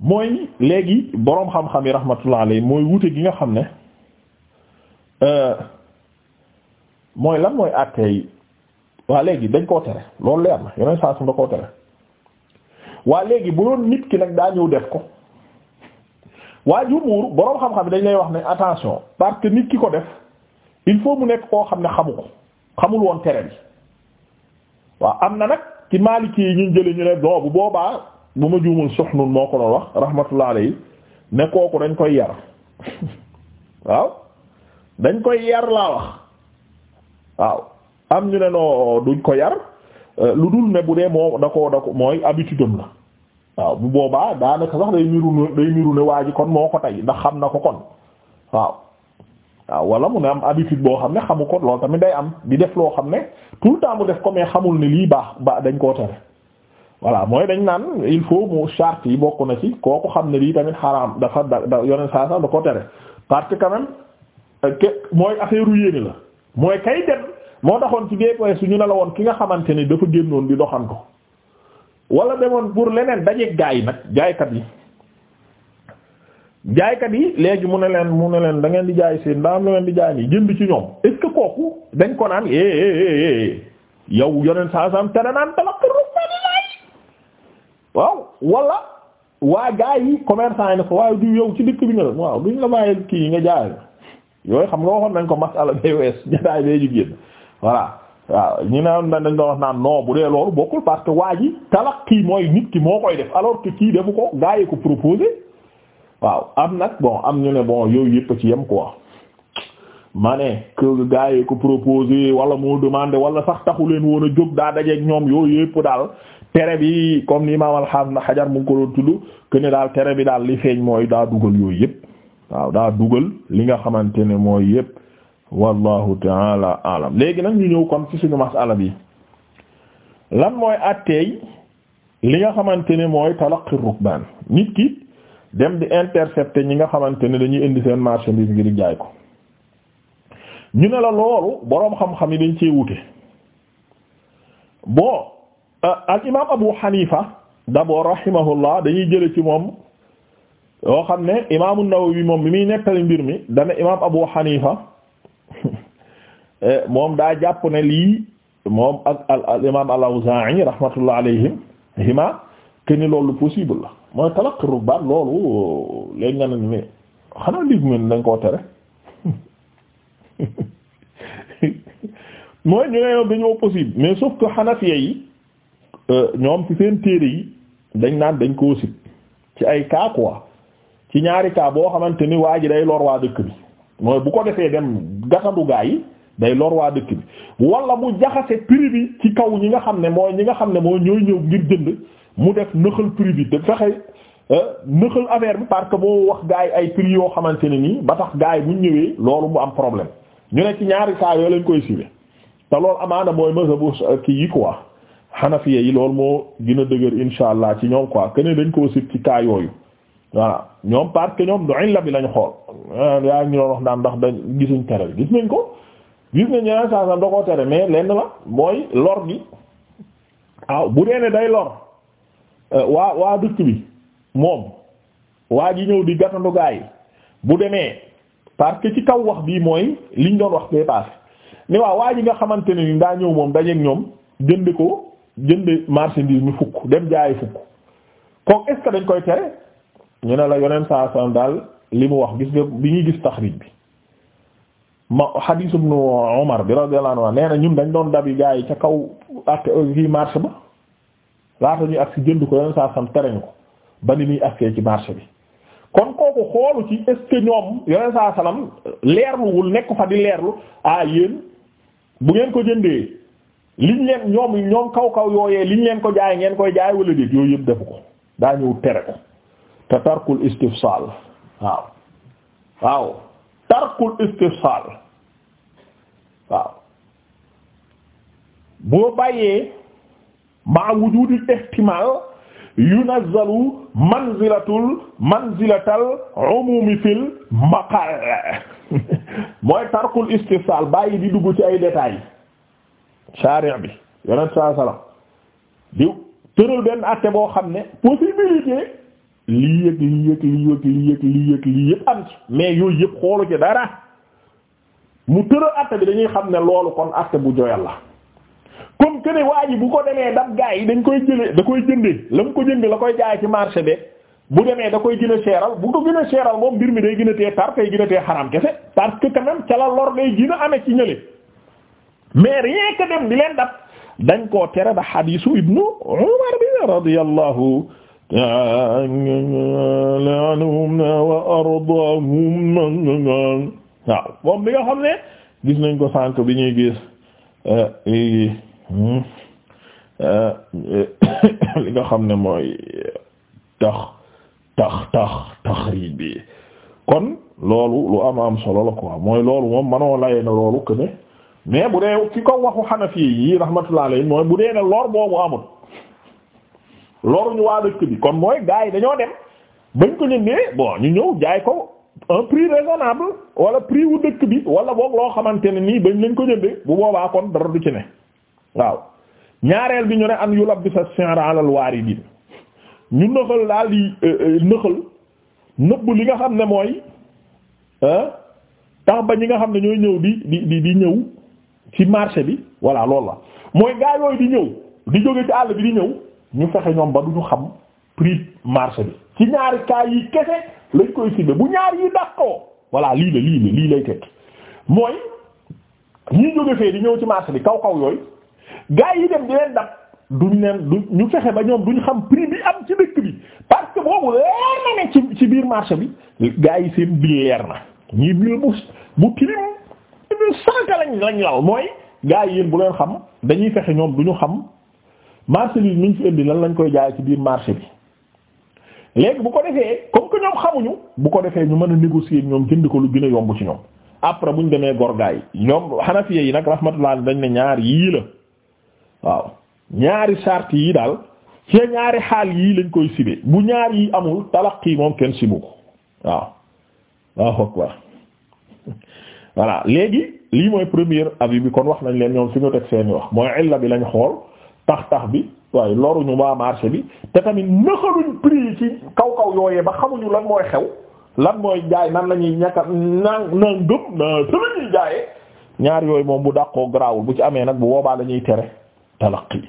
mooy léegi boroom xam-xam yi rahmatullah alayhi mooy wute gi nga xam ne euh, mooy lan mooy àttee yi waa léegi dañ koo tere loolu leer na yeneen saa su nga koo tere waa léegi bu doon nit ki nag daa ñëw def ko waa jumhuur boroom xam-xam yi dañ lay wax ne attention parce que nit ki ko def il faut mu nekk koo xam ne xamu ko xamul woon tere bi waaw am na nag ki Maliki yi ñu jëlee ñu ne non boobaa. bu ma juumul soxnun moo ko doon wax rahmatullah alayhi ne kooku dañ koy yar waaw dañ koy yar laa wax waaw am ñu ne noo duñ ko yar euh, lu dul ne bu dee moo da ko da ko mooy habitude am la waaw bu boobaa daanaka sax day miru day ne waa ji kon moo ko tay ndax xam na ko kon waaw waaw wala mu ne am habitude boo xam ne xamu ko loolu tamit day am di def loo xam ne tout le temps def ko mais xamul ne lii baax ba dañ koo tere voilà mooy dañ naan il faut mu charte yi bokk na ci kooku xam ne lii tamit xaraam dafa da yoneen saa sax da ko tere parce que quand ke euh, mooy affaire yéene la mooy kay dem moo taxoon ci bee su ñu ne la woon ki nga xamante ni dafa génnoon di doxan ko wala demoon pour leneen dajeeg gaa yi nag jaaykat yi jaaykat yi léegi mu ne leen mu ne leen da ngeen di jaay seen daa am lu ngeen di jaay nii jënd ci ñoom est kooku dañ ko naan eh eh, eh, eh, eh yow yoneen saa sax tere waaw wala waa gaa yi commerçant yi ne ko waaye du yow ci dëkk bi nga doon waaw duñ la bàyyi kii yi nga jaay yooyu xam nga waxoon nañ ko masala bay wees ñataay bay ju génn waaw ñu naan dañ doon wax naan non bu dee loolu bokkul parce que waa ji talaqi mooy nit ki moo koy def alors que kii defu ko gaa yi ko proposé waaw am nag bon am ñu ne bon yooyu yëpp ci yem quoi ma ne que gaa yi ko proposé wala moo demandé wala sax taxu leen woon a jó daa dajeeg ñoom yooyu yëpp daal tere bi comme ni imaam alxaam na xajar mu ngi ko doon tudd que ne daal tere bi daal li feeñ mooy daa dugal yooyu yëpp waaw daa dugal li nga xamante ne mooy yëpp wallahu taala alam léegi nag ñu ñëw kon ci suñu masala bi lan mooy atteey li nga xamante ne mooy talaqi rukbaan nit ki dem di intercepter ñi nga xamante ni dañuy indi seen marchandise ngir jaay ko ñu ne la loolu boroom xam-xam yi dañ ci wute bon Euh, al imaam Abu Hanifa d'abord rahimahullah dañuy jële ci moom yoo xam ne imaamu moom mi muy mbir mi dana imaam Abu Hanifa eh, moom daa jàpp ne lii moom ak al al imaam al-Awzaa'i rahmatullah alayhim hima que loolu possible la mooy talaqi rukbaan loolu léegi nga ni xanaa lii mel dañ koo tere mooy ñu ne yow dañoo possible mais sauf que Hanafiya ñoom ci seen téere yi dañ naan dañ koo sib ci ay cas quoi ci ñaari kaa boo xamante ni waa ji day lor waa dëkk bi mooy bu ko defee dem gasandu gaa yi day lor waa dëkk bi wala mu jaxase prix bi ci kaw ñi nga xam ne mooy ñi nga xam ne mooy ñooy ñëw ngir jënd mu def nëxal prix bi da fexe euh, nëxal affaire bi parce que boo wax gaa yi ay prix yoo xamante ne nii ba tax gaa yi bu ñëwee loolu mu am problème ñu ne ci ñaari cas yooyu lañ koy sibe te loolu amaana mooy mësa bu kii yi quoi xanafiya yi loolu moo gën a dëgër insha allah ci ñoom quoi que ne dañ koo sib ci cas waaw ñoom parce ñoom doin la bi lañ xool ah, yaa ngi doon wax ndax dañ gisuñ tere gis nañ ko gis nañ ñeneen saa saa da tere mais lenn la mooy lor gi waaw ah, bu dee ne day lor euh, waa waa dëkk bi moom waa ji ñëw di gàttandu yi bu demee park ci kaw wax bii mooy liñ doon wax bee passé ni waa ji nga xamante ne ni daa ñëw moom dajeeg ñoom jënd ko. jënd marchandise mi fukk dem jaayi fukk kooku est dañ koy tere ñu ne la yoneen saa san daal li mu wax gis nga bi ñuy gis taxrij bi ma hadith ibn Umar bi radiyallahu anhu nee na ñun dañ doon dabi gaa ca kaw ak kii marché ba laata ñuy agsi jënd ko yoneen saa san tere ko ba ni muy agsee ci marché bi kon kooku xoolu ci est ñoom yoneen saa salam leerluwul nekk fa di leerlu ah yéen bu ngeen ko jëndee liñ leen ñoom ñoom kaw kaw yooyee liñ leen ko jaay ngeen koy jaay wala déet yooyu yëpp defu ko daa ñëw tere ko te tarkul istifsal waaw waaw tarkul istifsal waaw boo bàyyee ma wujudil ihtimal yunazzalu manzilatul manzilatal mooy tarkul istifsal bàyyi di dugg ci ay détails sharia bi yonent saa salaam di tëral benn àtte boo xam ne possibilité lii yëg lii yëg lii yëg lii yëg lii yëg lii yëpp am ci mais yooyu yëpp xoolu ci dara mu tëral àtte bi dañuy xam ne loolu kon àtte bu joyal la comme que ne waa ji bu ko demee dab gaa yi dañ koy jëlee da koy jëndee la mu ko jëndee la koy jaay ci marché bi bu demee da koy gën a seeral bu ko gën a seeral moom mbir mi day gën a tee tar tey gën tee xaram kese parce que quand même ca la lor day gën amee ci ñële mais rien que dem di leen dab dañ tere da hadiisu ibnu Umar bi radiyallahu ta'ala anhum wa ardaahum waaw moom bi nga xam ne gis nañ ko sànk bi ñuy gis eh, li nga xam ne mooy tax tax tax taxriij bi kon loolu lu am am solo la quoi mooy loolu moom manoo laye na loolu que mais bu dee ki ko waxu xanafi yi rahmatullah yi mooy bu dee ne lor boobu amul loruñu waa dëkk bi kon mooy gars yi dañoo dem bañ ko jëndee bon ñu ñëw jaay ko un prix raisonnable wala prix wu dëkk bi wala boog loo xamante ne nii bañ lañ ko jëndee bu boobaa kon dara du ci ne waaw ñaareel bi ñu ne an yu lab bi sa si'ra ala al-waridin ñu nëxal daal di euh, euh, nëxal nëbb li nga xam ne mooy tax ba ñi nga xam ne ñooy ñëw di di di di ñëw ci marché bi voilà loolu la mooy gaa yooyu di ñëw di jóge ci àll bi di ñëw ñu fexe ñoom ba du ñu xam prix marché bi ci ñaar cas yi kese lañ koy ciblé bu ñaar yi dàqoo voilà lii la lii la lii lay teg mooy ñi jóge fee di ñëw ci marché bi kaw kaw yooyu gaa yi dem di leen dab du ñu fexe ba ñoom duñ xam prix bi am ci dëkk bi parce boobu leer ne ci biir marché bi gaa yi seen bi leer na ñii biir bu bu tilim sànq lañ lañ lal mooy gars yi yéen bu leen xam dañuy fexe ñoom du ñu xam marché bi mi ñu fi indi lan lañ koy jaay ci biir marché bi léegi bu ko defee comme que ñoom xamuñu bu ko defee ñu mën a négocier ñoom jënd ko lu gën yomb ci ñoom après bu ñu demee gorgaa yi ñoom xanafiye yi nag rahmatullah dañ ne ñaar yii la waaw ñaari charte yi daal ci ñaari xaal yii lañ koy sibe bu ñaar yi amul talaqi moom kenn sibu ko waaw voilà léegi lii mooy première avis bi kon wax nañ leen ñoom fi ñu teg seen wax mooy illa bi lañ xool tax tax bi waaye ñu waa marché bi te tamit nëxaluñ prix ci kaw kaw yooyee ba xamuñu lan mooy xew lan mooy jaay nan lañuy ñuy naan naan gëm naa tënk ñuy jaayee ñaar yooyu moom bu dàqoo garaawul bu ci amee nag bu boobaa lañuy ñuy tere talaqi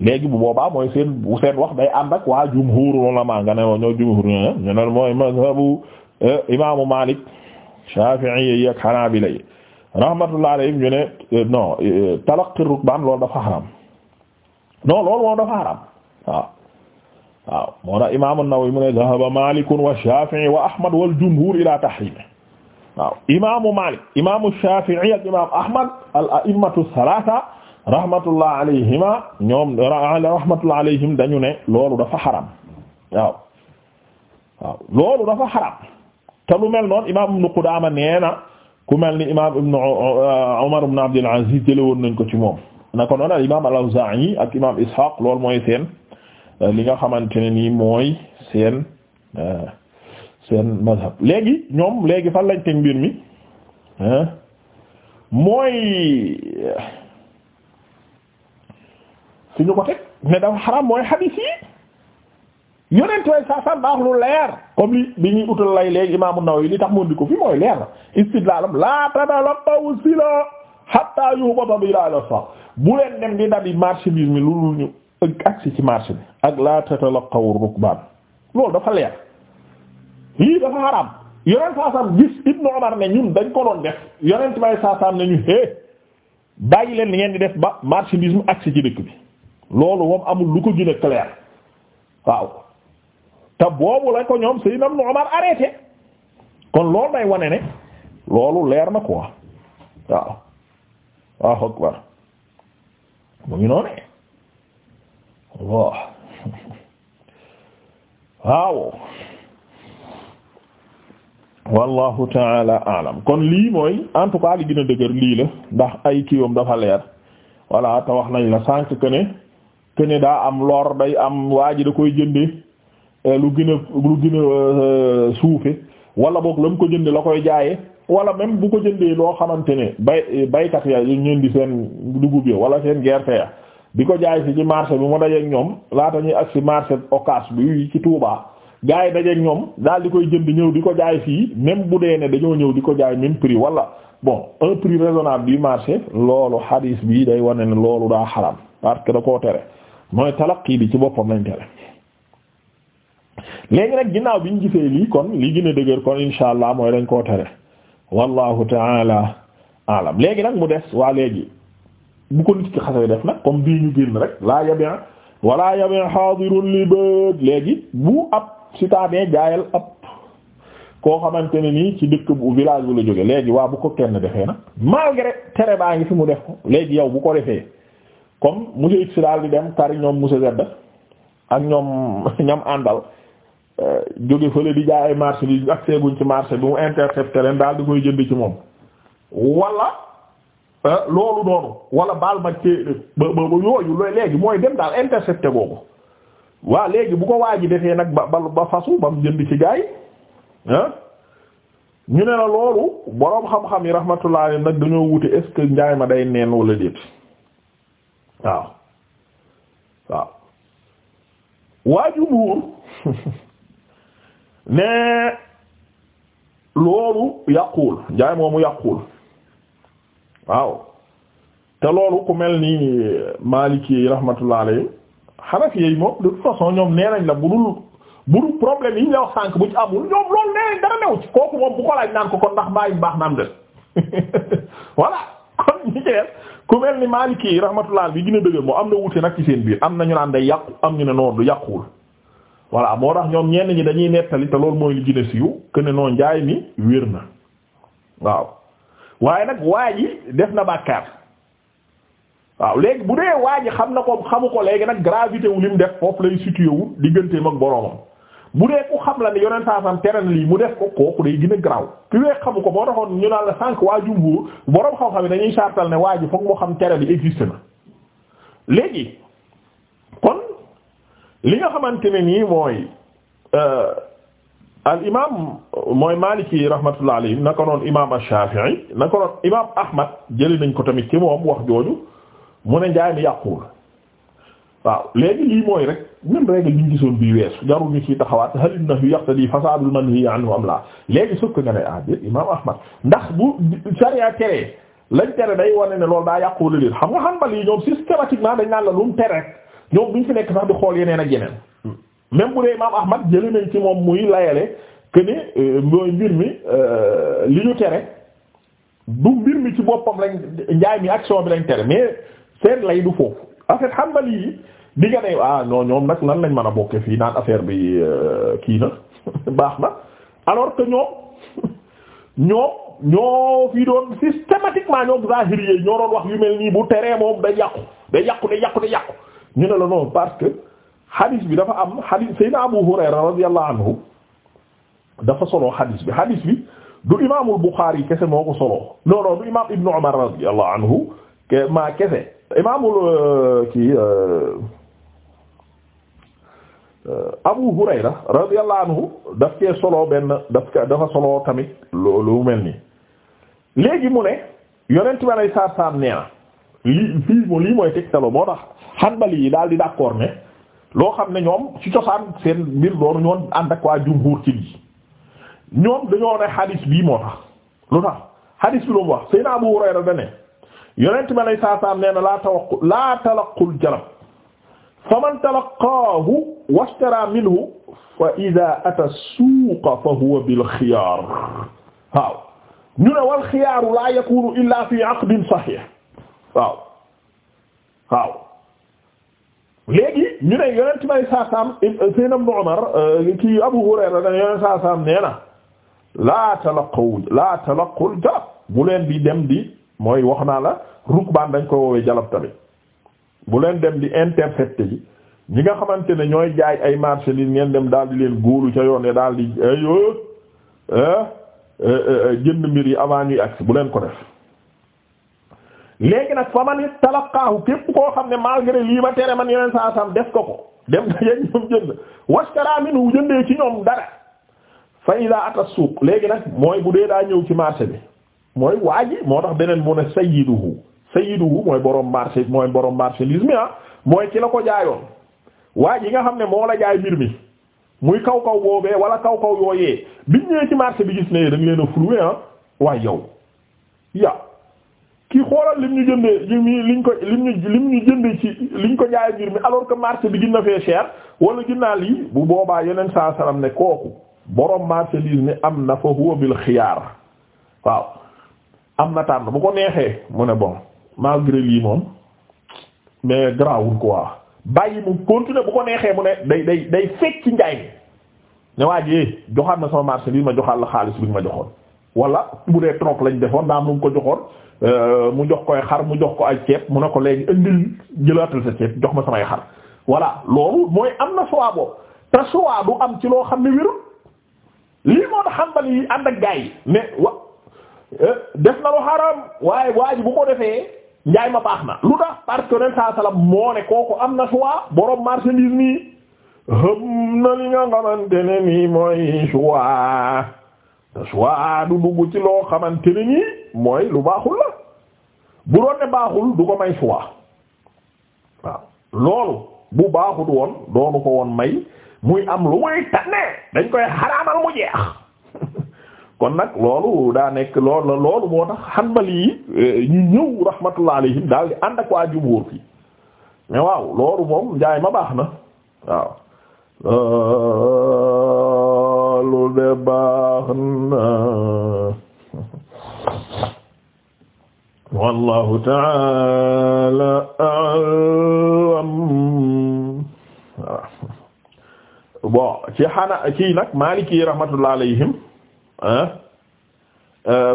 léegi bu boobaa mooy seen bu seen wax day ànd ak waa jumhuur la maa nga ne ñoo jumhuur ñu ne mooy mazhabu eh, imaamu Maalik Shafi'i ak Hanabila rahmatullahi alayhim ñu ne euh, non euh, talaqqi rukbaan loolu dafa xaram non loolu moom dafa xaram waaw waaw moo tax Imaam An-Nawawi mu ne dhahaba Maalik wa Shafi'i wa Ahmad wal jumhuur ila tahriim waaw imaamu Maalik imaamu Shafi'i ak imaamu Ahmad al-a'immatu salaasa rahmatullah alayhima ñoom rahmatullah alayhim dañu ne loolu dafa xaram waaw waaw loolu dafa xaram te lu mel noonu imaam Ibn Qudaama nee ku mel ni imaam Ibn Umar ibn Abdul Aziz jëlee woon nañ ko ci moom naka noonu al imaam al-Awzaa'i ak imaam Ishaq loolu mooy seen li nga xamante ne nii mooy seen euh, seen mazhab ñoom léegi fan lañ teg mbir mi mooy suñu ko teg mais dafa xaraam mooy hadiis yonent way sa san baax lu leer comme li bi ñuy utal lay léegi imaamu Nawawi li tax mu indi ko fi mooy leer la istidlaalam laa tatalaqaw sila hatta yuhbata la sax bu leen dem mu dabi lu ñu agsi ci marché bi ak laa tatalaqaw rukbaan loolu dafa leer lii dafa xaraam yonent saa gis Ibnu Umar ne ñun dañ ko doon def yonent way saa ne ñu é bàyyi leen li ngeen di def ba marchandise mu agsi ci dëkk bi loolu moom amul lu ko gën a clair waaw te boobu la ko ñoom Seydina Ibn Umar arrêté kon loolu day wane ne loolu leer na quoi waaw waaw akbar mu ngi noonu waaw waaw wallahu taala alam kon lii mooy en tout cas li dëgër lii la ndax ay kiiwam dafa leer voilà te wax nañ la sànq que ne daa am lor day am waa da koy jëndee lu euh, gën lu gën a euh, suufe wala boog la mu ko jënd la koy jaayee wala même bu ko jëndee loo xamante ne bay baykat ya ñu ñeen di seen dugub ya wala seen gerte ya di ko jaay si ci marché bi ma dajeeg ñoom laata ñuy ak si marché occas bi ci Touba gars yi dajeeg ñoom daal di koy jënd ñëw di ko jaay fii même bu dee ne dañoo ñëw di ko jaay même prix wala bon un prix raisonnable du marché loolu hadis bi day wane ne loolu daa xaram parce que da koo tere mooy talaqi bi ci boppam lañ tere léegi rek ginnaaw bi ñu gisee lii kon lii gën a dëgër kon insha allah mooy dañ koo tere wallahu taala alam léegi nag mu des waa léegi bu ko nit ki xasee def nag comme bii ñu génn rek laa yabin wala yabin hadirun lii bëgg léegi bu ab citadin jaayal ab koo xamante ne nii ci dëkk bu village bu la jóge léegi waa bu ko kenn defee nag malgré tere baa ngi fi mu def ko léegi yow bu ko defee comme monsieur X daal di dem kari ñoom monsieur Z ak ñoom ñam àndal Euh, jóge fële di jaay ay marché bi ak seeguñ ci marché bi mu intercepté leen daal di koy jënd ci moom walla euh, loolu noonu wala baal ma ci ba ba yooyu looy léegi mooy dem daal intercepté boobu waa léegi bu ko waa ji defee nag ba ba fasu ba mu jënd ci gaa ñu ne la loolu boroom xam-xam yi rahmatullah nag dañoo wute est-ce que njaay ma day neen wala déet waaw waaw waa jumhur ne loolu yàquwul njaay moomu yàquwul waaw te loolu ku mel ni Maliki yi rahmatullah alayhi Hanafi yi moom de toute façon ñoom nee nañ la problème yi ñu la wax bu ci amul ñoom loolu nee nañ new kooku moom bu ko laaj naan ko kon ndax mbaayi baax na am de voilà kon ñi ci def ku mel ni Maliki yi rahmatullah bi gën a dëgër moo am na wute nag ci seen biir am na ñu naan day yàqu am ñu ne noonu du yàquwul voilà moo tax ñoom ñenn ñi dañuy nettali te loolu mooy li gën a siiw que ne noo njaay mi wér na waaw waaye nag waa ji def na bàkkaar waaw léegi bu dee waa ji xam na ko xamu ko léegi nag gravité wu lim def foofu lay situé wu digganteem ak boroomam bu dee ku xam la ne yoneen saasam tere na lii mu def ko kooku day gën a ki wee xamu ko moo taxoon ñu naan la sànq waa jumbo boroom xam-xam yi dañuy saatal ne waa ji foog moo xam tere bi existe na li nga xamante ne nii mooy euh, al imaam mooy Maliki rahmatullah alayhi naka noonu imaam Shafi'i naka noonu imaam Ahmad jëli nañ ko tamit ci moom wax jooju mu ne njaay mi yàquwul waaw léegi lii mooy rek même règle bi ñu gisoon bii weesu jarul ñu ciy taxawaat hal innahu yaqtadi fasadul manhi anhu am la léegi sukk nga ne ah imaam Ahmad ndax bu sariya teree lañ tere day wane ne loolu daa yàquwul liir xam nga Hanbali ñoom systématiquement dañ naan la lu mu tere ñoom duñ fi nekk sax di xool yeneen ak yeneen même bu dee imaam Ahmad jëli nañ ci moom muy layale que euh, mooy mbir mi euh, li ñu tere du mbir mi ci boppam lañ njaay mi action bi lañ tere mais seen lay du foofu en fait yi di nga ne ah ñoom nag nan lañ mën a bokkee fii naan affaire bi euh, kii na baax na alors que ñoom ñoom ñoo fi doon systématiquement ñoom zahiri yi ñoo doon wax yu mel nii bu teree moom day yàqu day yàqu day yàqu day yàqu. ñu ne la non parce que hadith bi dafa am hadith Seydina Abu Hurayra radiyallahu anhu dafa solo hadith bi hadith bi du imaamul Bukhari kese moo ko solo non non du imaam Ibn Umar radiyallahu anhu ke maa kese imaamul euh, kii euh, euh, Abu Hurayra radiyallahu anhu daf cee solo benn daf dafa solo tamit lu lu mel ni léegi mu ne yonent bi alayhi salaam nee lii fii moom lii mooy tegtaloo moo tax Hanbali yi daal di d'accord ne loo xam ne ñoom ci cosaan seen mbir doonu ñoon ànd ak waa jumhuur ci lii ñoom dañoo ne hadis bii moo tax lu tax hadis bi lu mu wax Seydina Abu Hurayra da ne yonent ma lay saasaam na laa tawaqu laa talaqul jalab faman talaqaahu wastara minhu fa ida ata suuqa fa huwa bil xiyaar waaw ñu ne wal xiyaaru laa yakunu illa fi aqdin sahih waaw waaw léegi ñu ne yonent may saasaam seen Ibnu Umar euh, kii Abu Hurayra dana yonent saasaam nee na laa talaqaw laa talaqul jalab bu leen di dem di mooy wax naa la rukbaan dañ ko woowee jalab tamit bu leen dem di intercepté ji ñi nga xamante ne ñooy jaay ay marché li ngeen dem daal di leen góolu ca yoon daal di jënd mbir yi avant ñuy agsi bu leen ko def léegi nag fa man talaqaahu képp koo xam ne malgré lii ma tere man yeneen saa sam def ko ko dem na yéen ñoom jënd washtara minhu jëndee ci ñoom dara fa idaa ata suuq léegi nag mooy bu dee daa ñëw ci marché bi mooy waa ji moo tax beneen mu ne sayyiduhu sayyiduhu mooy borom marché mooy borom marchandise mi ah mooy ci la ko jaayoon waa ji nga xam ne moo la jaay mbir mi muy kaw kaw boobee wala kaw kaw yooyee biñ ñëwee ci marché bi gis ne dañ leen a floué ah kii xoolal lim ñu jëndee lim ñu liñ ko lim ñu lim ñu jëndee ci liñ ko jaay mbir mi alors que marché bi gën na fee cher wala gën naa lii bu boobaa yeneen saa salaam ne kooku borom marchandise mi am na fa huwa bil xiyaar waaw am na bu ko neexee mu ne bon malgré lii moom mais grawul quoi bàyyi mu continuer bu ko neexee mu ne day day day fekk ci njaay mi ne waa ji eh, joxaat na sama marché bi ma joxaat la xaalis bi ma joxoon. wala bu dee troc lañ defoon daa mu ko joxoon euh, mu jox koy xar mu jox ko ay ceeb mu ne ko léegi indi jëlaatal sa ceeb jox ma samay xar voilà loolu mooy am na choix boobu te choix du am ci loo xam ne wérul lii moo tax Hanbali yi ànd ak gaa yi mais wa euh, def na lu xaram waaye waa ji bu ko defee njaay ma baax na lu tax parce que saa salaam moo ne kooku am na choix borom marchandise nii xam na li nga xamante nii mooy choix. soit du dugg ci loo xamante ne nii mooy lu baaxul la bu doon ne baaxul du ko may choix waaw loolu bu baaxul woon doonu ko woon may muy am lu muy tànnee dañ koy xaraamal mu jeex kon nag loolu daa nekk lool la loolu moo tax Hanbali yi eh, ñu ñëw rahmatullah alayhim daal di ànd ak waa jumhur fi mais waaw loolu moom njaay ma baax na waaw euh, loolu de baax na wallahu taala alam bon ci xana kii nag maliki rahmatullah alayhim euh,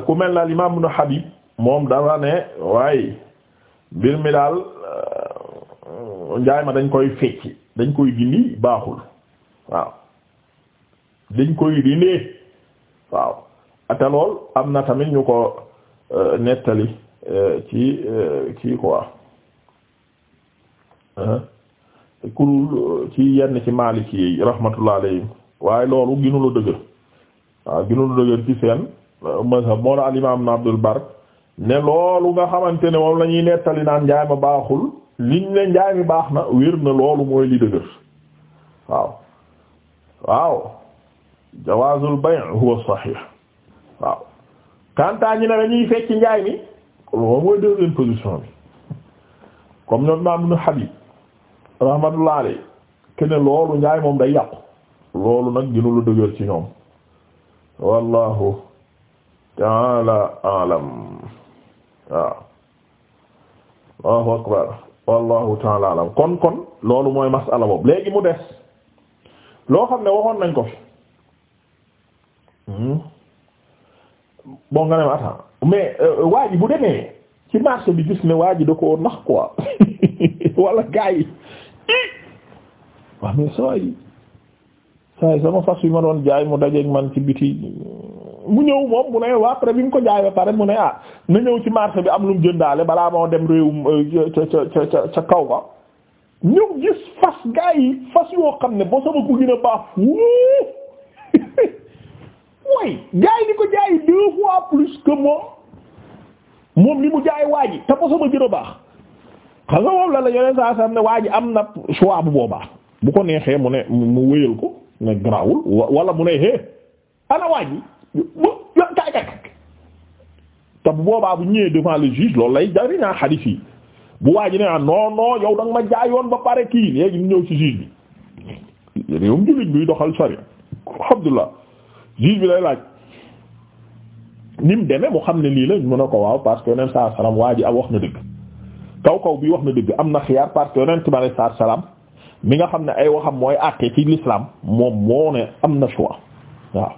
ku mel na imam ibn Habib moom dafa ne waaye mbir mi daal euh, njaay ma dañ koy fecci dañ koy dindi baaxul waaw dañ koy dindee waaw ate lool am na tamit ñu ko euh, nettali euh, ci ci euh, quoi kulul ci yenn ci maliki yi rahmatullah alayhim waaye loolu ginula dëgër waaw ginula dëgër ci seen mazhab moo la al na Abdul Bar ne loolu nga xamante ne moom la ñuy nettali naan njaay ma baaxul liñ ne njaay mi baax na wiir na loolu mooy li dëgër waaw waaw jawaazul bay' huwa sahih waaw kantaa ñi ne dañuy fekk njaay mi loolu mooy deuxième position bi comme ñoom imaam Ibn Habib rahmatullahi alayhi kene loolu njaay moom day yàqu loolu nag gënu lu dëgër ci ñoom wallahu ta'ala a'lam waaw Allahu akbar wallahu ta'ala a'lam kon kon loolu mooy masala boobu léegi mu des loo xam ne waxoon nañ ko Hmm. bon nga ne ma mais euh, waa ji bu demee ci marché bi gis ne waa ji da koo nax quoi wala gaa yi waaw mais saa yi saa yi sama fas yi ma doon jaay mu dajeeg man ci biti mu ñëw moom mu ne waa après bi mu ko jaay ba pare mu ne ah na ñëw ci marché bi am lu mu jëndaale balaa moo dem réewum euh, ca ca ca kaw ba ñëw gis fas gaa yi fas yoo xam ne boo sama ko gën a baax way jaay di ko jaay deux fois plus que moom li mu jaay waa ji te ko sama jër a baax xam nga moom la la yoneen saa sam ne waa ji am na choix bu boobaa bu ko neexee mu ne mu wéyal ko ne grawul wala mu ne é ana waa ji kay kay te bu boobaa bu ñëwee devant le juge loolu lay jariñaa ah xadis yi bu waa ji ne ah non non yow da ma jaayoon ba pare kii léegi ñu ñëw ci juge bi réewum jullit buy doxal sari juge bi lay laaj ni mu demee mu xam ne lii la mën a ko waaw parce que yonent saa salaam waa ji am wax na dëgg kaw kaw bi wax na dëgg am na xiyaar parce que yonent bi saa salaam mi nga xam ne ay waxam mooy àtte ci l'islam moom moo ne am na choix waaw.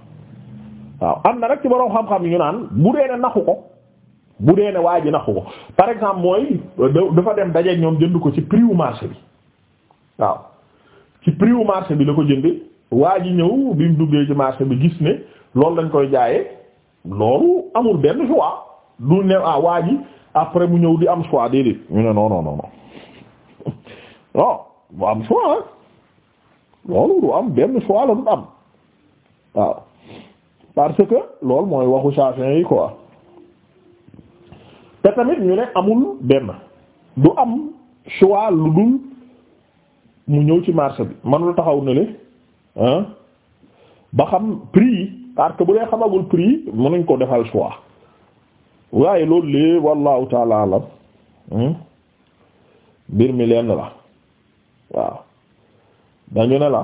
waaw am na rek ci borom xam-xam yu ñu naan bu dee ne naxu ko bu dee ne waa ji naxu ko par exemple mooy dafa dem dajeek ñoom jënd ko ci prix wu marché bi waaw ci prix wu bi la ko jëndee. waa ji ñëw bi mu duggee ci marché bi gis ne loolu lañ koy jaayee loolu amul benn choix du ne ah waa ji après mu ñëw di am choix déedéet ñu ne non non non bu am choix loolu du am benn choix la du am waaw parce que loolu mooy waxu chafin yi quoi te ñu ne amul benn du am choix lu dul mu ñëw ci marché bi man lu taxaw ne le ba xam prix yi parce que bu dee xamagul prix yi mënuñ ko defal choix waaye loolu lee wallahu taala alam mbir mi lenn la waaw dañu ne la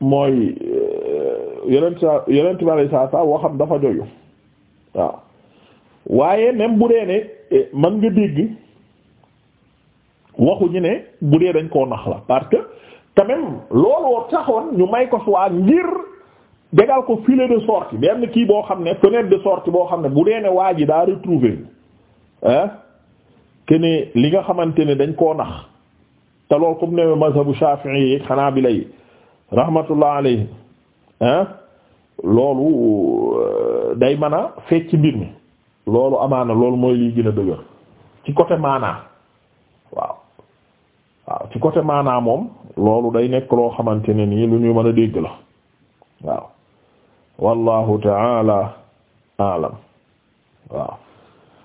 mooy euh, yeneen sa yeneen tibere saa saa waxam dafa joyu waaw waaye même bu dee ne eh, man nga dégg waxuñu ne bu dee dañ koo nax la parce quand même taxoon ñu may ko soit ngir dégal ko filet de sortie benn kii boo xam ne fenêtre de sortie boo xam ne bu dee ne waa ji daa retrouver ah que li nga xamante ni dañ koo nax te loolu comme ne mazhabu Shafi'i yi xanaa bi lay rahmatullah alayhi loolu euh, day mën a fecc mbir mi loolu amaana loolu mooy liy gën a dëgër ci côté maanaa waaw waaw ci côté maanaa moom loolu day nekk loo xamante ne nii lu ñu mën a dégg la waaw wallahu taala alam waaw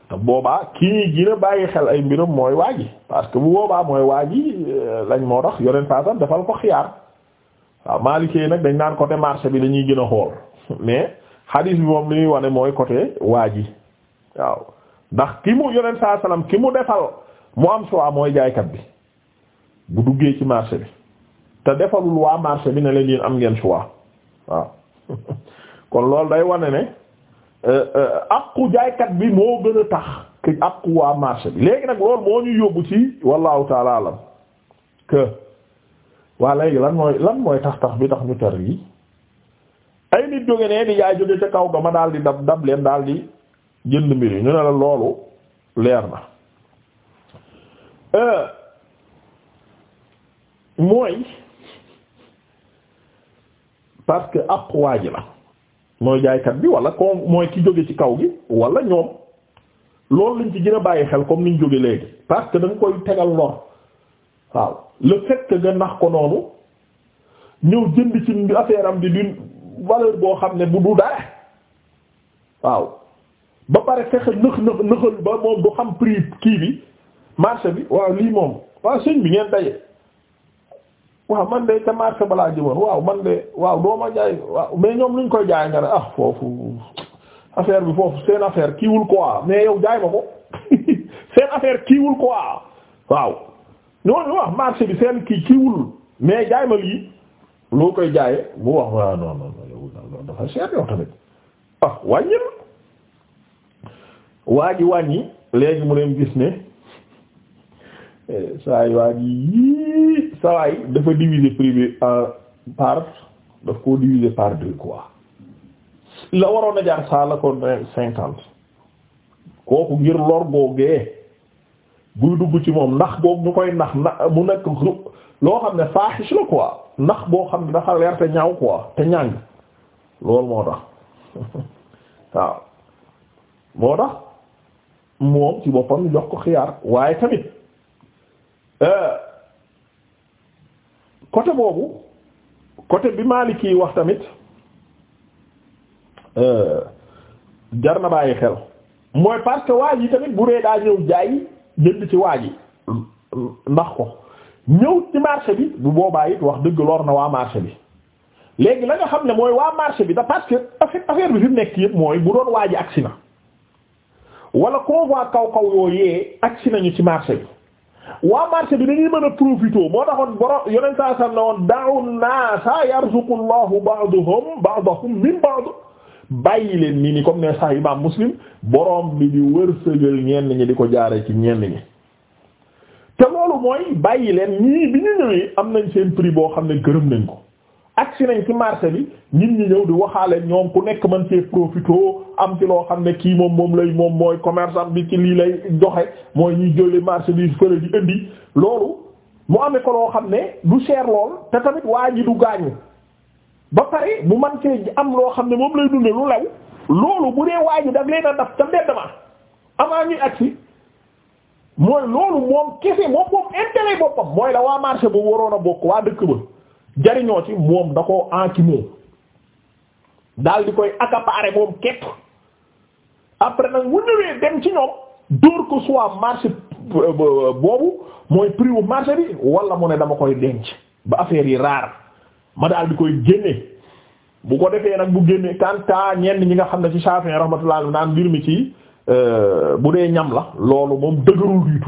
te boobaa kii gën a bàyyi xel ay mbiram mooy waaji parce que bu boobaa mooy waaji euh, lañ moo tax yoneen façam defal ko xiyaar waaw maalikee nag dañ naan côté marché bi lañuy gën a xool mais hadis bi moom li ñuy wane mooy côté waaji waaw ndax ki mu yoneen saa salaam ki mu defal mu am choix mooy jaaykat bi bu duggee ci marché bi te defalul waa marché bi ne leen yéen am ngeen choix waaw kon loolu day wane ne euh, euh, àqu jaaykat bi moo gën a tax que àqu waa marché bi léegi nag loolu moo ñu yóbbu ci wallahu taala alam que waa léegi lan mooy lan mooy tax tax bi tax ñu tar yi ay nit jóge nee di yaay jóge ca kaw ga ma daal di dab dab leen daal di jënd mbir yi ñu ne la loolu leer na euh, mooy parce que àqu waa la mooy jaaykat bi wala ko mooy ki jóge ci kaw gi walla ñoom loolu lañ ci gën a bàyyi xel comme niñ jóge léegi parce que da koy tegal lor waaw le fait nga nax ko noonu ñëw jënd ci affaire am di d'une valeur boo xam ne bu du dara waaw ba pare fexe nëx nëx nëxal ba moom du xam prix kii bi marché bi waaw lii moom waaw sëñ bi ngeen daje. waaw man de ca marché balaa jëmoon waaw man de waaw doo ma jaay waaw mais ñoom luñ koy jaay nga ne ah foofu affaire bi foofu seen affaire kiiwul quoi mais yow jaay ma ko seen affaire kiiwul ko waaw ñooñu bi seen kii kiiwul mais jaay ma lii koy jaayee mu wax waaw non non dafa cher yow tamit ah waa ji wàññi léegi mu leen gis ne. Eh, saa yi waa ji sawaay dafa diviser privé euh, par daf koo diviser par deux quoi la waroon a jaar saa la ko cinquante kooku ngir lor googee buy dugg ci moom ndax goog ñu koy nax na mu nekk loo xam ne faaxis la quoi ndax boo xam ne dafa leer te ñaaw quoi te ñàng loolu moo tax waaw moo tax moom ci boppam jox xiyaar waaye tamit Euh, côté boobu côté bi Maliki yi wax tamit euh, jar na bàyyi xel mooy parce que waaj yi tamit bu dee daa ñëw jaay jënd ci waaj yi ndax ko ñëw ci marché bi bu boobaa it wax dëgg lor na waa marché bi léegi la nga xam ne mooy waa marché bi da parce que affaire bi fi nekk yëpp mooy bu doon waaj agsi na wala convoi kaw kaw yooyee agsi nañu ci marché bi waa marché bi dañuy mën a profité moo taxoon borom yonent saa sànni woon da'u naasa yarzuqu Allahu ba'dahum ba'dahum min ba'd bàyyi leen nii nii comme ne sax imaam Muslim borom bi di wërsëgal ñenn ñi di ko jaaree ci ñenn ñi. te loolu mooy bàyyi leen ñii bi ñu ñëwee am nañ seen prix boo xam ne gërëm nañ ko agsi nañ ci marché bi nit ñëw di waxaale ñoom ku nekk man cee profito am ci loo xam ne kii moom moom lay moom mooy commerçant bi ci lii lay joxe mooy ñuy jële marché bi fële di indi loolu mu amee ko loo xam ne du cher lool te tamit waa ji du gaañu ba pare bu man cee am loo xam ne moom lay dunde lu lew loolu bu dee waa ji daf leen a daf ca mbedd ma amaa ñuy agsi mooy loolu moom kese moom moom intérêt boppam mooy la waa marché boobu waroon a bokk waa dëkk jariñoo ci moom da koo enquimé daal di koy accaparer moom képp après nag mu ñëwee dem ci ñoom dóor ko soit marché boobu mooy prix wu marché bi wala mu ne dama koy denc ba affaire yi raar ma daal di koy génne bu ko defee nag bu génnee kanta ñenn ñi nga xam ne ci Shafi'i rahmatullah naan mbir mi ci euh, bu dee ñam la loolu moom dëgërul du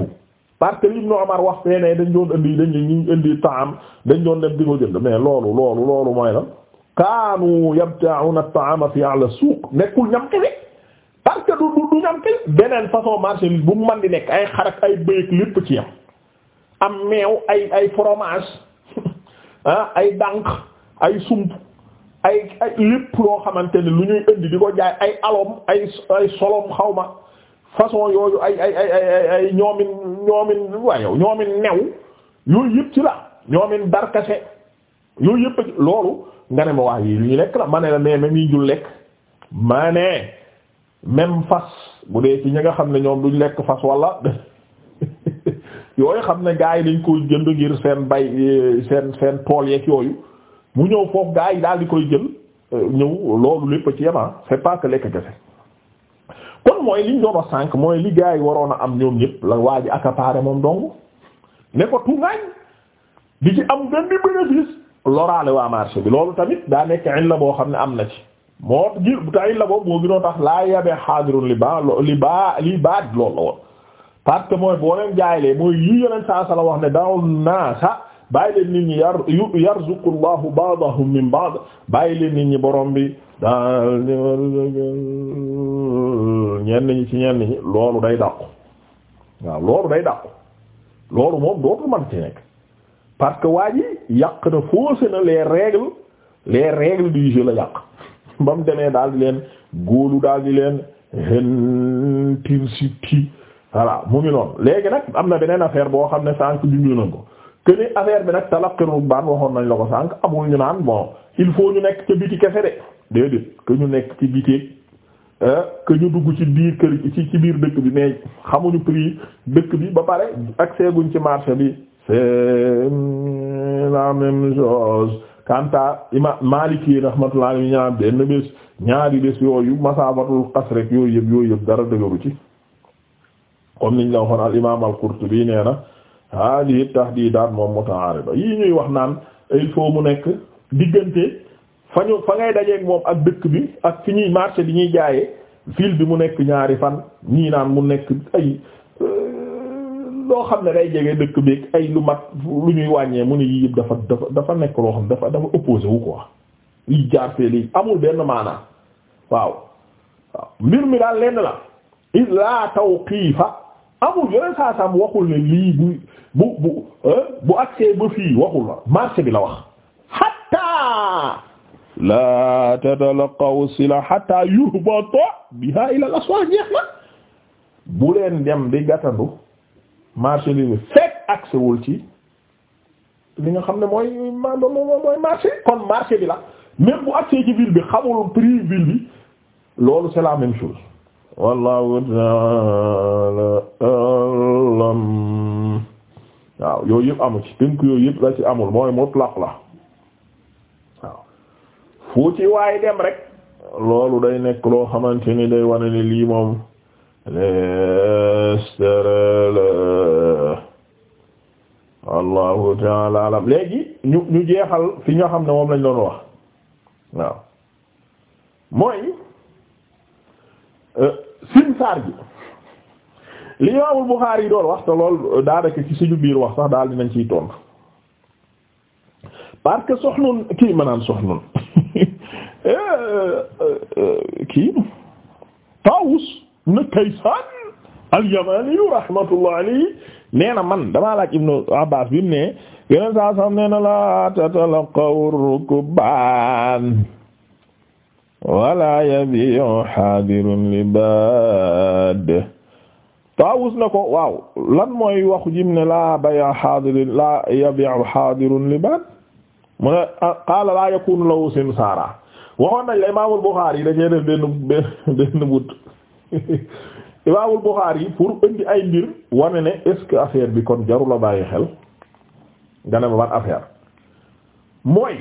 parce que Ibnu Umar wax fee ne dañ doon indi dañ ñu indi taam dañ doon dem di ko jënd mais loolu loolu loolu mooy la kaanu yabta'una at-ta'ama fi a'la suuq nekkul ñam kese parce que du du ñam kese beneen façon marché bu mu mën di nekk ay xar ay bëy ak ci yam am meew ay ay fromage ah ay dànq ay sump ay ay lépp loo xamante ni lu ñuy indi di ko jaay ay alom ay ay xawma façon yooyu ay ay ay ay ay ñoomin ñoomin waa yow ñoomin new yooyu yëpp ci la ñoomin darkase yooyu yëpp ci loolu nga ne ma waa yi ñu lekk la ma ne la mais même yi ñu lekk même fas bu dee ci ñi nga xam ne ñoom duñ lekk fas wala xam ne gaa yi dañ koy jënd ngir seen bay seen seen tool yeeg yooyu mu ñëw foofu gaa yi daal di koy jël euh, ñëw loolu lépp ci yema ah, c'est pas que lekk kese kon mooy liñ doon wax sànq mooy li gars yi waroon a am ñoom ñëpp la waa ji accaparé moom dong ne ko tuŋaañ di ci am benn bénéfice loraale waa marché bi loolu tamit daa nekk illa boo xam ne am na ci moo ji ta la boobu moo gënoon tax laa yabee xaadirun li baa li baa li la woon parce que mooy boo leen jaaylee mooy yi yoneen saa sala wax ne daw naasa bàyyi leen nit ñi yar yarzuqu llahu ba'dahum min ba'd bàyyi leen nit ñi borom bi daal ñi ci ñenn ñi loolu day dàqu waaw loolu day dàqu loolu moom dootu man ci nekk parce que waa ji yàq na faussé na les règles les règles du jeu la yàq ba mu demee daal di leen góolu daal di leen hentir si ti voilà mu noonu léegi nag am na beneen affaire boo xam ne sànq ñu nañ ko que ni bi nag talaqi rubbaan waxoon nañ la ko sànq amul ñu naan bon il faut ñu nekk ca biti kese de déedéet que ñu nekk ci biti euh, que ñu dugg ci biir kër ci ci biir dëkk bi mais xamuñu prix dëkk bi ba pare accès guñ ci marché bi c'est la même chose kanta ima Maliki rahmatullah alayhi ñaar benn bés ñaari bés yooyu masaafatul qas rek yooyu yëpp yooyu yëpp dara dëgëru ci comme niñ la waxoon al imaam al Qurtubi nee na Ah tax hadi tahdidaat moom mutaarida yii ñuy wax naan il faut mu nekk diggante fa ñu fa ngay dajeeg moom ak dëkk bi ak fi ñuy marché bi ñuy jaayee ville bi mu nekk ñaari fan ñii naan mu nekk ay euh, loo xam ne day jege dëkk bi ay lu mat lu ñuy wàññee mu ne yii yëpp dafa dafa dafa nekk loo xam dafa dafa opposé wu quoi liy jaar fee lii amul benn maanaa waaw mbir mi daal lenn la illa tawqifa amul yooyu saa saam waxul ne lii bu bu bu euh, bu ba fii waxul la marché bi la wax hatta la tatalaqaw sila hatta yuhbata biha ila al aswaq jeex na bu dem di gàttandu marché bi fekk accès ci li nga xam ne mooy mooy kon marché bi la même bu accès ci ville bi xamul prix loolu c'est la même chose wallahu ta'ala waaw yooyu yëpp amu ci tënk yooyu yëpp la ci amul mooy mutlaq la waaw fu ci waaye dem rek loolu day nekk loo xamante ni day wane ni lii moom lesterl wallahu ta'ala alam léegi ñu ñu jeexal fi nga xam ne moom lañ doon wax waaw mooy euh, simsaar gi li Imaamul Buxaari yi doon wax te loolu daanaka ci suñu biir wax daal dinañ ciy tontu parce soxnun kii maanaam soxnun eh, eh, eh, kii Taawus na Kaysaan al-Yamani rahmatullah alayhi nee man damaa laaj Ibnu Abbaas bi mu ne yeneen saa sax nee na la tatalaqaw rukbaan wala taawus na ko waaw lan mooy waxu jim ne laa baya xaadirin laa yabiu xaadirun liban mu ne ah, qaala laa yakunu lahu simsaara waxoon nañ la imaamul Buxaari da cee def benn benn but imaamul Buxaari pour indi ay mbir wane ne est-ce affaire bi kon jarul a xel nga ne ma ban mooy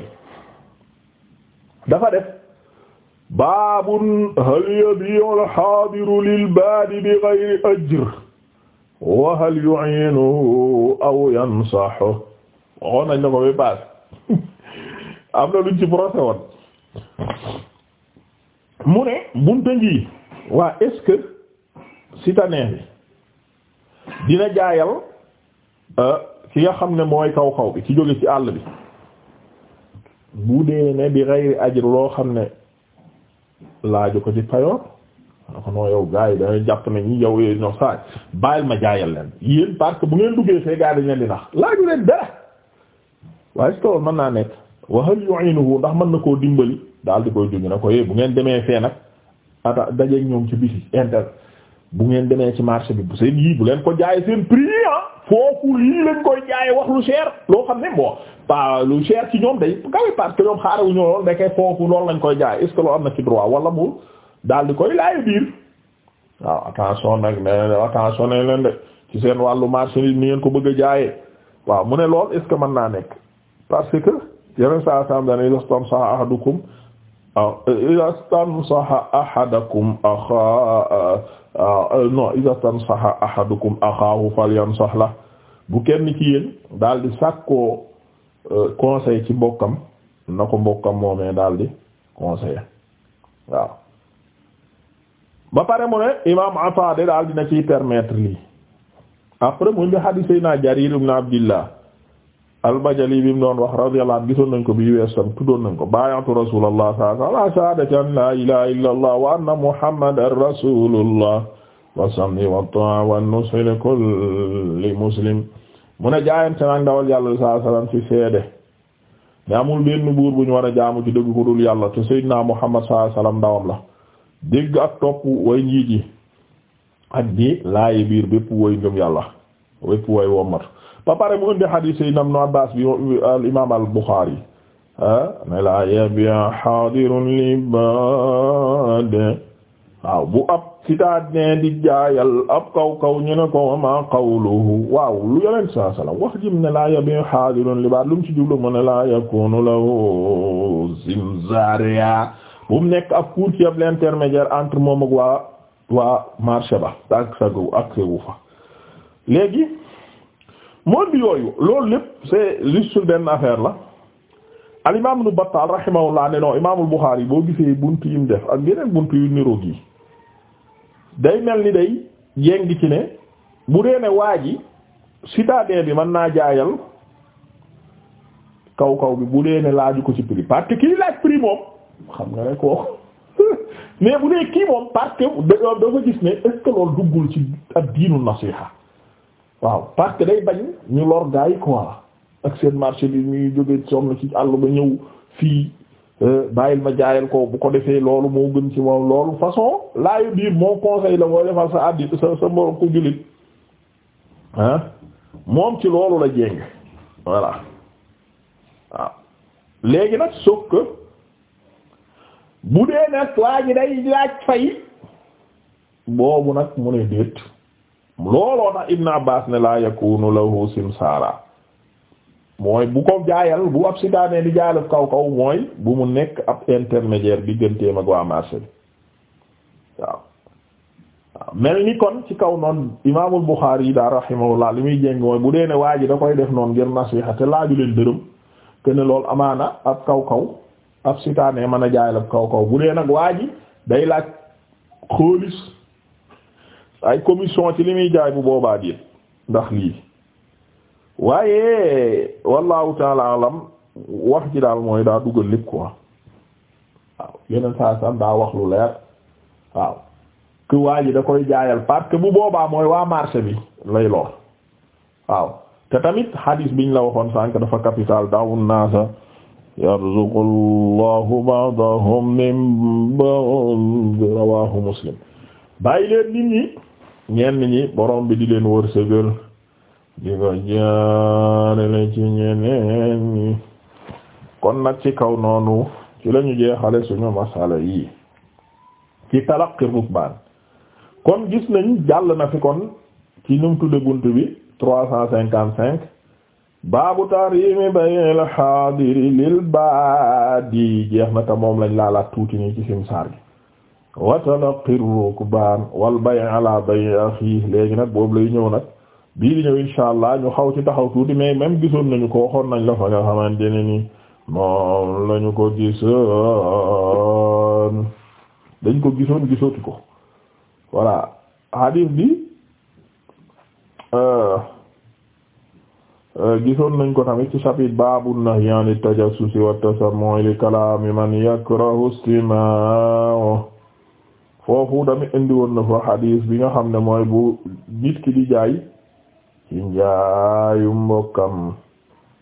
dafa def baabun hal yabii'u al-haadiru lil-baadi bi-ghayri ajr wa hal yu'iinuhu aw yansahuhu waxoon nañ ne ko ba paas am na luñ ci procès woon mu ne bunta ngi waa est-ce dina jaayal euh, ki nga xam ne mooy kaw kaw bi ci jóge ci àll bi bu dee ne bi ghayri ajr loo xam ne laaju ko ci payoor ko noo yow gars yi dañuy jàpp ne ñi yow yooyu ñoo saay bàyyil ma jaayal leen yéen parce que bu ngeen duggee fee gars yi dañ leen di nax laaju leen dara waaye si tool mën naa nekk waxal yu'inuhu ndax mën na koo dimbali daal di koy junj na ko eh bu ngeen demee fee nag ata dajeeg ñoom ci biti inter bu ngeen demee ci marché bi bu seen yii bu leen ko jaayee seen prix ah foofu lii lañ koy jaayee wax lu cher loo xam ne bon pas lu cher ci ñoom day gawe parce que ñoom xaaral wu lool nekkee lañ koy jaayee am na ci droit wala mu daal di koy laaj biir waaw attention nag nee de ci seen wàllu marché bi ni ngeen ko bëgg a jaayee waaw mu ne lool est ce que mën naa nekk parce que yeneen saa sàmm daanaka il est sax ahadukum ah il est sax ahadakum Ah, euh, non iza tansaha ahadukum axaahu falyansah la bu kenn ci yéen daal di sàkkoo euh, conseil ci mbokkam na ko mbokkam moomee daal di conseil waaw ba pare mu ne imam Ataa de daal dina ciy permettre lii après mu indi hadiis naa Jarir ibn Abdillah al-Bajali bi wax radiyallahu anhu gisoon nañ ko bi wees tam tuddoon nañ ko baayatu rasulullah la ilaha wa anna muhammadar rasulullah wa sam'i wa ta'a wa li muslim mu ne jaayante naag ndawal yàlla sallallahu alaihi wasallam seede ne amul benn buur bu ñu war a jaamu ci dëgg ko dul yàlla te sayyidina muhammad sallallahu alaihi wasallam ndawam la dégg ak topp way njiit yi laayi biir bépp way ngëm yàlla bépp way wommat ba pare mu indi hadith yi nam al imam al Bukhari ah, ne laa yabia xaadirun li bade waaw bu ab citadin di jaayal ab kaw kaw ñu ne ko ma qawluhu waaw lu yonent saai wax jim ne laa yabi xaadirun li baad lu mu ci jublu mu ne laa yakunu lahu zimzaria bu mu nekk ab courtier l'intermédiaire entre moom ak waa waa marché ba ak ak segu fa léegi moo di yooyu loolu lépp c'est juste benn affaire la al imam ibn Battal rahimahullah ne non imaamul Bukhari boo gisee bunt yi mu def ak yeneen bunt yu niroog yi day mel ni day yeng ci ne bu dee ne waa ji citadin bi mën naa jaayal kaw kaw bi bu dee ne laaju ko ci prix parce que kii laaj prix moom xam nga ne koo mais bu dee kii moom parce que dafa gis ne est duggul ci ad diinu nasiha waaw parce que day bañ ñu lor gars yi quoi ak seen marché bi ñuy jógee soom la ci àll ba ñëw fii euh, bàyyil ma jaayal ko bu ko defee loolu moo gën ci moom loolu façon laayu biir moo conseil la mooy defal sa addi sa sa ko jullit ah moom ci loolu la jéng voilà waaw léegi nag sauf bu dee nag waa ji day laaj fay boobu nag mu ne déet looloo tax Ibn Abbas ne laa yakunu lahu simsaara mooy bu ko jaayal bu ab sidaanee di jaayal kaw kaw mooy bu mu nekk ab intermédiaire digganteem ak waa marché bi waaw waaw mel ni kon ci kaw noonu imaamul Buxaari yi daa rahimahullah li muy jéng mooy bu dee ne waa ji da koy def noon ngir nasiha te laaju leen dërëm te ne loolu amaana ab kaw kaw ab mën a jaayal ab kaw kaw bu dee nag waa ji day laaj xoolis ay commission ci li muy jaay bu boobaa diit ndax lii waaye wallahu taala wax ji daal mooy daa dugal lépp quoi waaw yeneen saa san daa wax lu leer waaw que waa ji da koy jaayal parce que bu boobaa mooy waa marché bi lay lor waaw te tamit hadis biñ la waxoon sànq dafa capital daawun naasa yarzuqu allahu ba'dahum min ba'd rawahu muslim bàyyi leen nit ñi ñenn ñi borom bi di leen wërsëgal di ko jaarale ci ñeneen ñi kon nag ci kaw noonu ci lañu jeexale suñu masala yi ci talaqi rukbaan kon gis nañ jàll na fi kon ci num tudde bunt bi trois cent cinquante cinq baabu tahrimi bayil haadiri lil baadi jeex na te moom lañ laalaat tuuti nii ci saar gi wa talaqi rukbaan wal bay' ala bay' akhihi léegi nag boobu lay ñëw nag bii di ñëw insha allah ñu xaw ci taxaw tuuti mais même gisoon nañu ko waxoon nañ la fa nga xamante ne ni moom lañu ko gisoon dañ ko gisoon gisooti ko voilà hadith bi euh, euh, gisoon nañ ko tamit ci chapitre baabu nahyi ani tajassusi wa tasammu'i li kalaami man yakrahu istima'ahu foofu dami indi woon na fa xadiis bi nga xam ne mooy bu nit ki di jaay ci njaayu mbokkam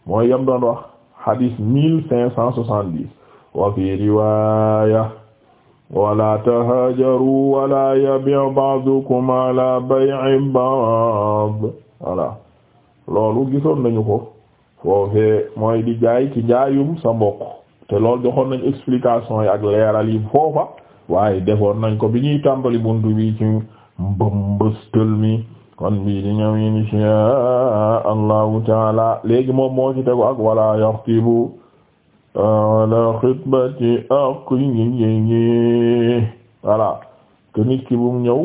mooy yam doon wax xadiis mille cinq cent soixante-dix wa fi riwaya wala tahajaru wala yabi' ba'dukum ala bay'i ba'd voilà loolu gisoon nañu ko foofee mooy di jaay ci njaayum sa mbok te loolu joxoon nañu explication yi ak leeral yi foofa waaye defoon nañ ko bi ñuy tàmbali buntu bi ci mbëmbëstël mi kon bii di ñëw inshaa allahu taala léegi moom moo ci tegu ak wala yaxtibu ala ah, xitbati ak ngi ngi ngi voilà te nit ki bum ñëw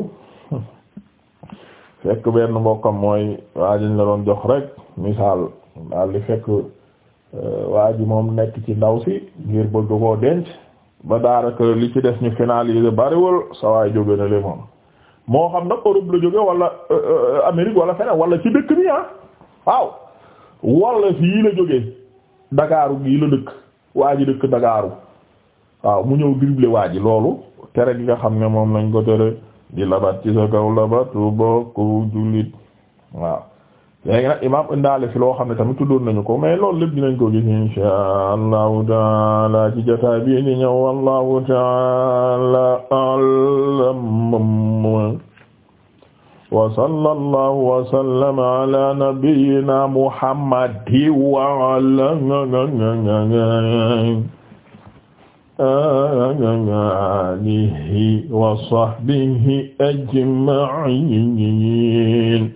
fekk benn mbokkam mooy waa la doon jox rek misaal daal di fekk eh, waa moom nekk ci ndaw si ngir bëgg koo denc ba daaraka li ci des ñu finaliser bariwul sawaay jóge na le moom moo xam nag Europe la jóge wala euh, euh, Amérique wala feneen wala ci dëkk bi ah waaw wala fii la jóge Dakaaru gii la dëkk waa ji dëkk Dakaaru waaw mu ñëw dribble waa ji loolu tere gi nga xam ne moom lañ ko tere di labat ci sa kaw labatu bokku jullit waaw léegi nag imaam indaale fi loo xam ne tamit tuddoon nañu ko mais loolu lépp dinañ ko gis inshaa allahu taala ci jotaay bi di ñëw wallahu taala a'lam wa sallallahu wa sallama ala nabiyyina muhammadin wa ala alihi wa sahbihi ajma'in